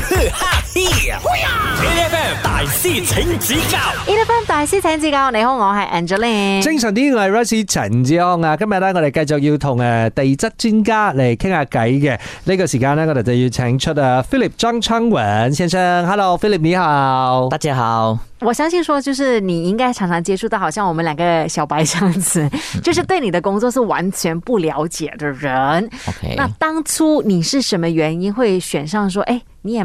大師請指教，E D F M 大師請指教。你好，我係 Angeline，精神啲係 Russie 陳志安啊。今日呢，我哋繼續要同誒地質專家嚟傾下偈嘅。呢、這個時間呢，我哋就要請出啊 Philip 張昌文先生。Hello，Philip 你好，大家好。我相信說，就是你應該常常接觸到，好像我們兩個小白這樣子，就是對你的工作是完全不了解的人。 OK，那當初你是什麼原因會選上？說，誒、欸，你也。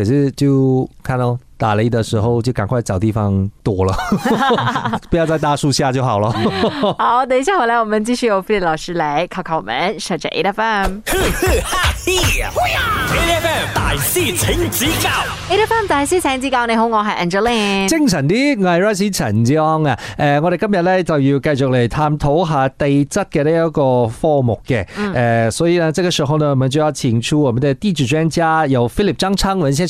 可是，就看到、哦、打雷的時候，就趕快找地方躲了，不要在大樹下就好了、 嗯。好，等一下我來，我們繼續由 Philip 老師來考考我們。說着 A.F.M.，A.F.M. 大師請指教。A.F.M. 大師請指教，你好，我係 Angeline。精神啲，我係 Russi 陳志昂啊。誒、呃，我哋今日咧就要繼續嚟探討下地質嘅呢一個科目嘅。誒、嗯呃，所以呢，這個時候呢，我們就要請出我們的地質專家，由 Philip 張昌文先生。